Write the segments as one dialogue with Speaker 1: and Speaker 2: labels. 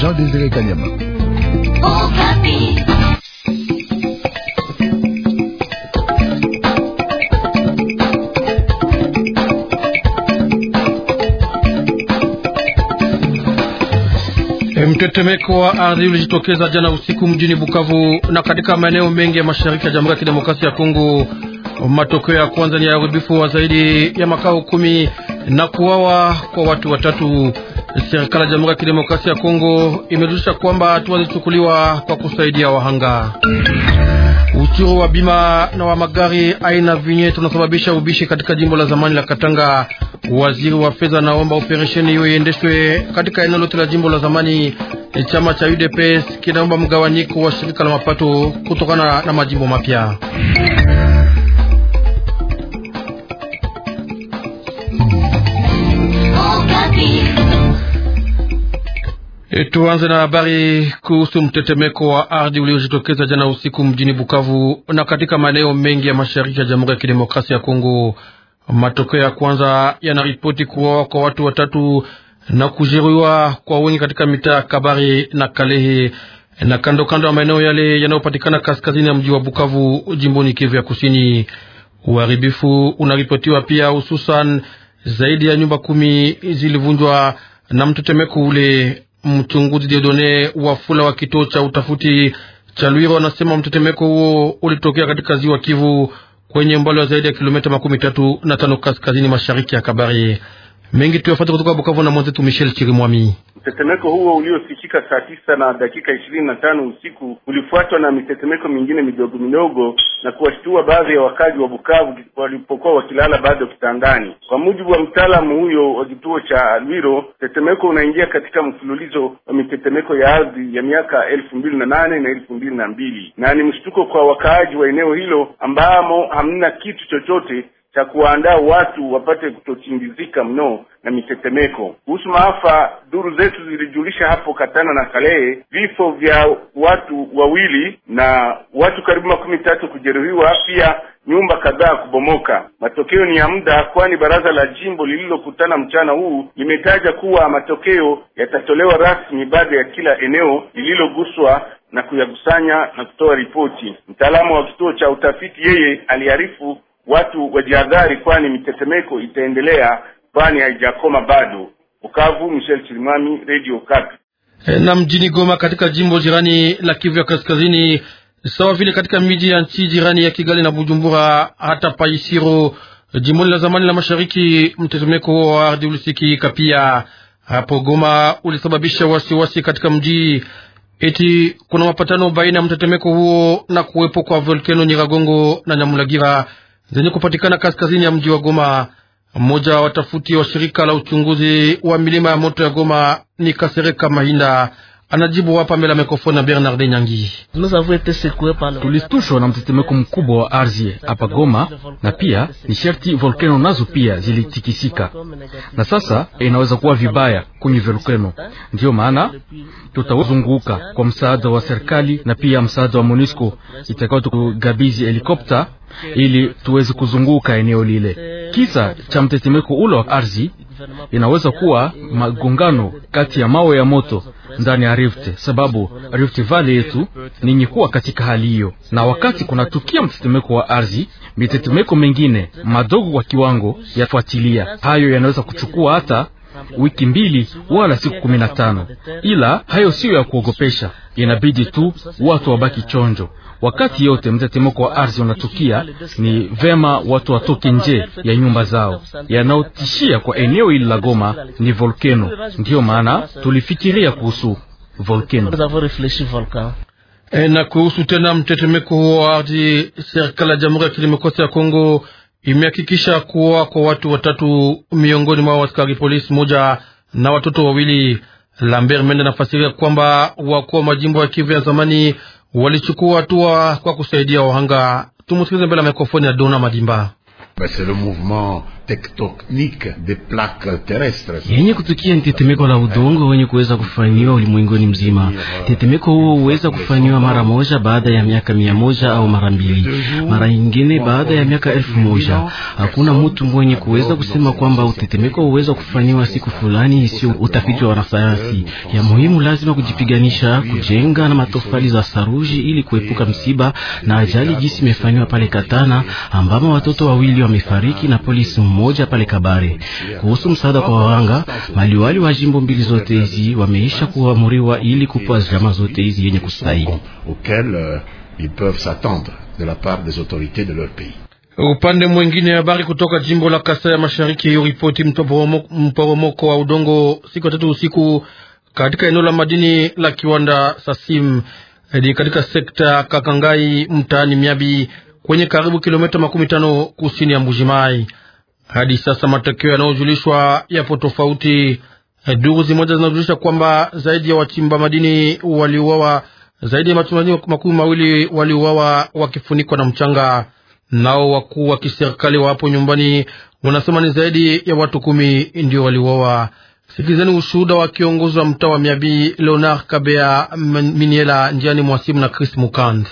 Speaker 1: Jean Désiré Kanyama.
Speaker 2: E, mtetemeko wa ardhi ulijitokeza jana usiku mjini Bukavu na katika maeneo mengi ya mashariki ya Jamhuri ya Kidemokrasia ya Kongo. Matokeo ya kwanza ni ya uharibifu wa zaidi ya makao kumi na kuwawa kwa watu watatu. Serikali ya Jamhuri ya Kidemokrasia ya Kongo imejulisha kwamba hatua zilichukuliwa kwa kusaidia wahanga. Uchuru wa bima na wa magari aina vinye unasababisha ubishi katika jimbo la zamani la Katanga. Waziri wa fedha naomba operesheni hiyo iendeshwe katika eneo lote la jimbo la zamani. Chama cha UDPS kinaomba mgawanyiko wa shirika la mapato kutokana na majimbo mapya. E, tuanze na habari kuhusu mtetemeko wa ardhi uliojitokeza jana usiku mjini Bukavu na katika maeneo mengi ya mashariki ya Jamhuri ya Kidemokrasia ya Kongo. Matokeo ya kwanza yanaripoti kuuawa kwa watu watatu na kujeruhiwa kwa wengi katika mitaa ya Kabari na Kalehe na kando kando ya maeneo yale yanayopatikana kaskazini ya mji wa Bukavu, jimboni Kivu ya Kusini. Uharibifu unaripotiwa pia hususan, zaidi ya nyumba kumi zilivunjwa na mtetemeko ule. Mchunguzi Dedone Wafula wa kituo cha utafuti cha lwiro anasema mtetemeko huo ulitokea katika ziwa Kivu kwenye umbali wa zaidi ya kilomita makumi tatu na tano kaskazini mashariki ya Kabari. Mengi tuyafata kutoka Bukavu na mwenzetu Michel Chirimwami.
Speaker 3: Mtetemeko huo uliosikika saa tisa na dakika ishirini na tano usiku ulifuatwa na mitetemeko mingine midogo midogo na kuwashtua baadhi ya wakazi wa Bukavu walipokuwa wakilala bado kitandani. Kwa mujibu wa mtaalamu huyo wa kituo cha Alwiro, mtetemeko unaingia katika mfululizo wa mitetemeko ya ardhi ya miaka elfu mbili na nane na elfu mbili na mbili na ni mshtuko kwa wakaaji wa eneo hilo ambamo hamna kitu chochote cha kuwaandaa watu wapate kutotingizika mno na mitetemeko. Kuhusu maafa, duru zetu zilijulisha hapo Katana na Kalehe vifo vya watu wawili na watu karibu makumi tatu kujeruhiwa, pia nyumba kadhaa kubomoka. Matokeo ni ya muda, kwani baraza la jimbo lililokutana mchana huu limetaja kuwa matokeo yatatolewa rasmi baada ya kila eneo lililoguswa na kuyakusanya na kutoa ripoti. Mtaalamu wa kituo cha utafiti yeye aliarifu watu wajihadhari kwani mitetemeko itaendelea kwani haijakoma bado Bukavu Michel Chilimami Radio Kapi
Speaker 2: eh, na mjini Goma katika jimbo jirani la Kivu ya Kaskazini sawa vile katika miji ya nchi jirani ya Kigali na Bujumbura hata Paisiro jimboni la zamani la mashariki mtetemeko wa ardhi ulisikika pia hapo Goma ulisababisha wasiwasi wasi katika mji eti kuna mapatano baina ya mtetemeko huo na kuwepo kwa volkeno Nyiragongo na Nyamulagira zenye kupatikana kaskazini ya mji wa Goma. Mmoja wa watafuti wa shirika la uchunguzi wa milima ya moto ya Goma ni Kasereka Mahinda Anajibu hapa mbele ya mikrofoni na Bernard Nyangi.
Speaker 4: Tulistushwa na mtetemeko mkubwa wa ardhi hapa Goma, na pia ni sherti volkano nazo pia zilitikisika, na sasa inaweza kuwa vibaya kwenye volkeno. Ndiyo maana tutazunguka kwa msaada wa serikali na pia msaada wa MONUSCO itakao helikopta ili tuweze kuzunguka eneo lile. Kisa cha mtetemeko ulo wa ardhi inaweza kuwa magongano kati ya mawe ya moto ndani ya Rift, sababu Rift Valley yetu ni kuwa katika hali hiyo, na wakati kunatukia mtetemeko wa ardhi, mitetemeko mengine madogo kwa kiwango yafuatilia hayo, yanaweza kuchukua hata wiki mbili wala siku kumi na tano, ila hayo siyo ya kuogopesha. Inabidi tu watu wabaki chonjo wakati yote mtetemeko wa ardhi unatukia. Ni vema watu watoke nje ya nyumba zao. Yanayotishia kwa eneo hili la Goma ni volkeno, ndiyo maana tulifikiria kuhusu volkeno.
Speaker 2: E, eh, na kuhusu tena mtetemeko huo wa ardhi, serikali ya Jamhuri ya Kidemokrasia ya Kongo imehakikisha kuwa kwa watu watatu miongoni mwa askari polisi moja na watoto wawili. Lambert Mende anafasiria kwamba wakuu wa majimbo ya Kivu ya zamani walichukua hatua kwa kusaidia wahanga. Tumusikilize mbele ya mikrofoni ya Dona Madimba tektonike de plaka terestre yenye
Speaker 4: kutukia ni tetemeko la udongo wenye kuweza kufanyiwa ulimwenguni mzima. Tetemeko huo huweza kufanyiwa mara moja baada ya miaka mia moja au mara mbili, mara nyingine baada ya miaka elfu moja. Hakuna mtu mwenye kuweza kusema kwamba utetemeko huweza kufanyiwa siku fulani, isiyo utafiti wa wanasayansi. Ya muhimu lazima kujipiganisha, kujenga na matofali za saruji ili kuepuka msiba na ajali jinsi imefanywa pale Katana ambamo watoto wawili wamefariki na polisi mmoja moja pale Kabare kuhusu msaada kwa wahanga. Maliwali wa jimbo mbili zote hizi wameisha kuamuriwa ili kupoa
Speaker 3: jamaa zote hizi yenye kustahili
Speaker 2: Upande mwengine, habari kutoka jimbo la Kasai ya Mashariki yuripoti mporomoko wa udongo siku tatu usiku katika eneo la madini la kiwanda Sasim hadi katika sekta Kakangai mtaani Miabi kwenye karibu kilomita makumi tano kusini ya Mbujimai. Hadi sasa matokeo yanayojulishwa yapo tofauti. Eh, Duru zimoja zinajulisha kwamba zaidi ya wachimba madini waliuawa, zaidi ya wachimba makumi mawili waliuawa wakifunikwa na mchanga. Nao wakuu wa kiserikali wa hapo nyumbani wanasema ni zaidi ya watu kumi ndio waliuawa. Sikilizeni ushuhuda wa kiongozi wa mtaa wa Miabi, Leonard Kabea Miniela, njiani mwasimu na Chris Mukand.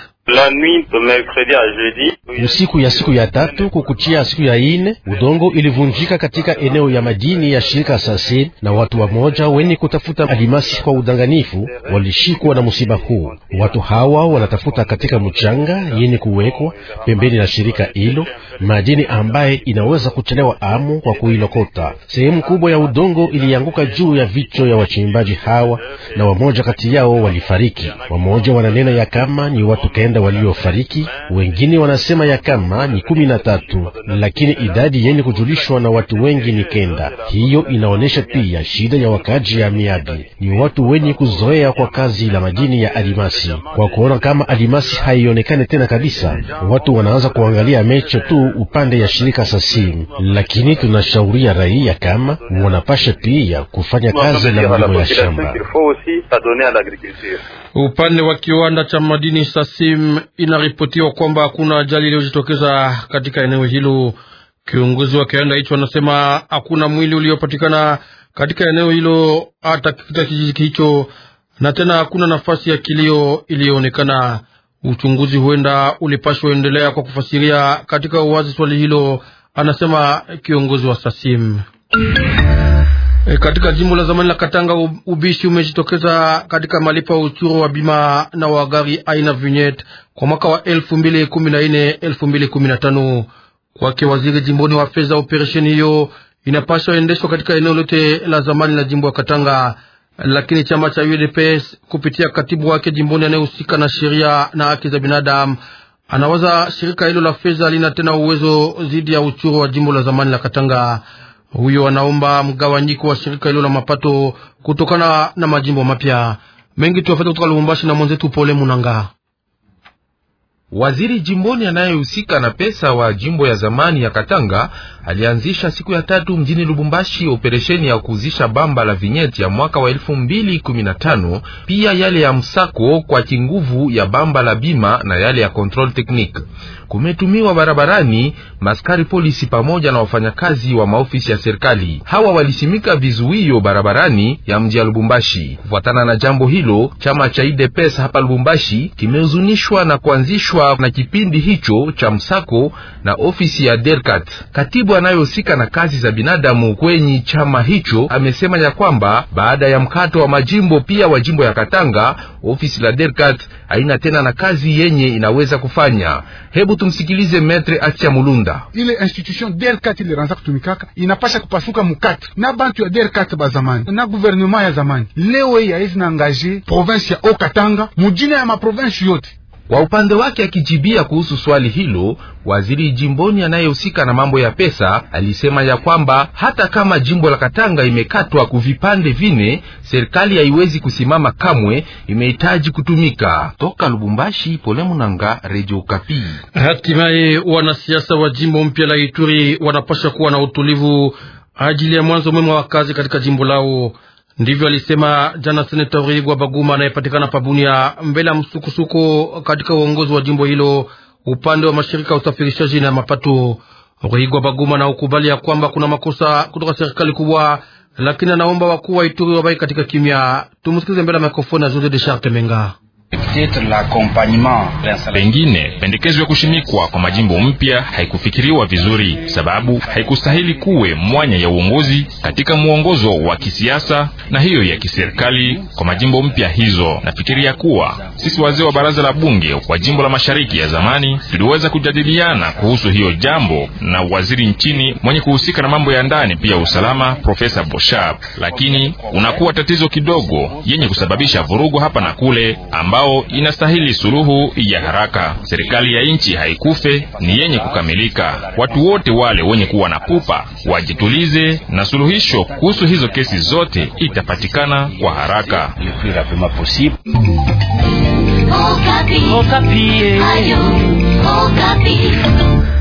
Speaker 2: Usiku ya siku ya tatu kukuchia siku ya ine, udongo ilivunjika katika eneo ya
Speaker 4: madini ya shirika Sasin, na watu wamoja wenye kutafuta alimasi kwa udanganifu walishikwa na musiba huu. Watu hawa wanatafuta katika mchanga yenye kuwekwa pembeni na shirika hilo madini ambaye inaweza kuchelewa amu kwa kuilokota. Sehemu kubwa ya udongo ilianguka juu ya vichwa ya wachimbaji hawa, na wamoja kati yao walifariki. Wamoja wananena ya kama ni watu kenda ya waliofariki, wengine wanasema ya kama ni kumi na tatu, lakini idadi yenye kujulishwa na watu wengi ni kenda. Hiyo inaonyesha pia shida ya wakaji ya miadi, ni watu wenye kuzoea kwa kazi la madini ya alimasi. Kwa kuona kama alimasi haionekane tena kabisa, watu wanaanza kuangalia mecho tu upande ya shirika sasimu, lakini tunashauria raia kama wanapasha pia kufanya kazi la mlimo ya shamba
Speaker 2: upande wa kiwanda cha madini sasim inaripotiwa kwamba hakuna ajali iliyojitokeza katika eneo hilo. Kiongozi wa kiwanda hicho anasema hakuna mwili uliopatikana katika eneo hilo hata katika kijiji hicho, na tena hakuna nafasi ya kilio iliyoonekana. Uchunguzi huenda ulipashwa endelea kwa kufasiria katika uwazi swali hilo, anasema kiongozi wa Sasim. E, katika jimbo la zamani la Katanga ubishi umejitokeza katika malipo ya uchuru wa bima na wa gari aina vignette kwa mwaka wa 2014 2015. Kwake waziri jimboni wa fedha, operesheni hiyo inapaswa endeshwa katika eneo lote la zamani la jimbo la Katanga, lakini chama cha UDPS kupitia katibu wake jimboni anayehusika na sheria na haki za binadamu anawaza shirika hilo la fedha lina tena uwezo dhidi ya uchuru wa jimbo la zamani la Katanga. Huyo anaomba mgawanyiko wa shirika hilo la mapato kutokana na majimbo mapya mengi. Tuafata kutoka
Speaker 1: Lubumbashi na mwenzetu Pole Munanga. Waziri jimboni anayehusika na pesa wa jimbo ya zamani ya Katanga alianzisha siku ya tatu mjini Lubumbashi operesheni ya kuuzisha bamba la vinyeti ya mwaka wa elfu mbili kumi na tano pia yale ya msako kwa kinguvu ya bamba la bima na yale ya control technique. Kumetumiwa barabarani maskari polisi pamoja na wafanyakazi wa maofisi ya serikali. Hawa walisimika vizuio barabarani ya mji ya Lubumbashi. Kufuatana na jambo hilo, chama cha UDPS e e hapa Lubumbashi kimehuzunishwa na kuanzishwa kuanzishwa na kipindi hicho cha msako na ofisi ya Derkat. Katibu anayohusika na kazi za binadamu kwenye chama hicho amesema ya kwamba baada ya mkato wa majimbo pia wa jimbo ya Katanga, ofisi la Derkat haina tena na kazi yenye inaweza kufanya. Hebu tumsikilize Metre Atia Mulunda.
Speaker 3: Ile institution Derkat ilianza kutumikaka inapasha kupasuka mukati
Speaker 1: na bantu ya Derkat ba zamani na gouvernement ya zamani leo yaezi na angaje province ya Okatanga mujina ya maprovince yote kwa upande wake, akijibia kuhusu swali hilo, waziri jimboni anayehusika na mambo ya pesa alisema ya kwamba hata kama jimbo la Katanga imekatwa kuvipande vine, serikali haiwezi kusimama kamwe, imehitaji kutumika. Toka Lubumbashi, Pole Munanga, Radio Okapi. Hatimaye
Speaker 2: wanasiasa wa jimbo mpya la Ituri wanapasha kuwa na utulivu ajili ya mwanzo mwema wa kazi katika jimbo lao. Ndivyo alisema jana seneta Urigwa Baguma anayepatikana Pabunia mbele ya msukusuku katika uongozi wa jimbo hilo upande wa mashirika ya usafirishaji na mapato. Rigwa Baguma na ukubali ya kwamba kuna makosa kutoka serikali kubwa, lakini anaomba wakuu wa Ituri wabaki katika kimya. Tumsikilize mbele ya mikrofoni ya Jose de Charte Menga.
Speaker 1: Pengine pendekezo ya kushimikwa kwa majimbo mpya haikufikiriwa vizuri, sababu haikustahili kuwe mwanya ya uongozi katika mwongozo wa kisiasa na hiyo ya kiserikali kwa majimbo mpya hizo. Nafikiria kuwa sisi wazee wa baraza la bunge wa jimbo la mashariki ya zamani tuliweza kujadiliana kuhusu hiyo jambo na waziri nchini mwenye kuhusika na mambo ya ndani pia usalama, Profesa Boshab, lakini unakuwa tatizo kidogo yenye kusababisha vurugu hapa na kule ambao inastahili suluhu ya haraka. Serikali ya nchi haikufe, ni yenye kukamilika. Watu wote wale wenye kuwa na pupa wajitulize, na suluhisho kuhusu hizo kesi zote itapatikana kwa haraka.
Speaker 4: Okapi. Okapi. Okapi.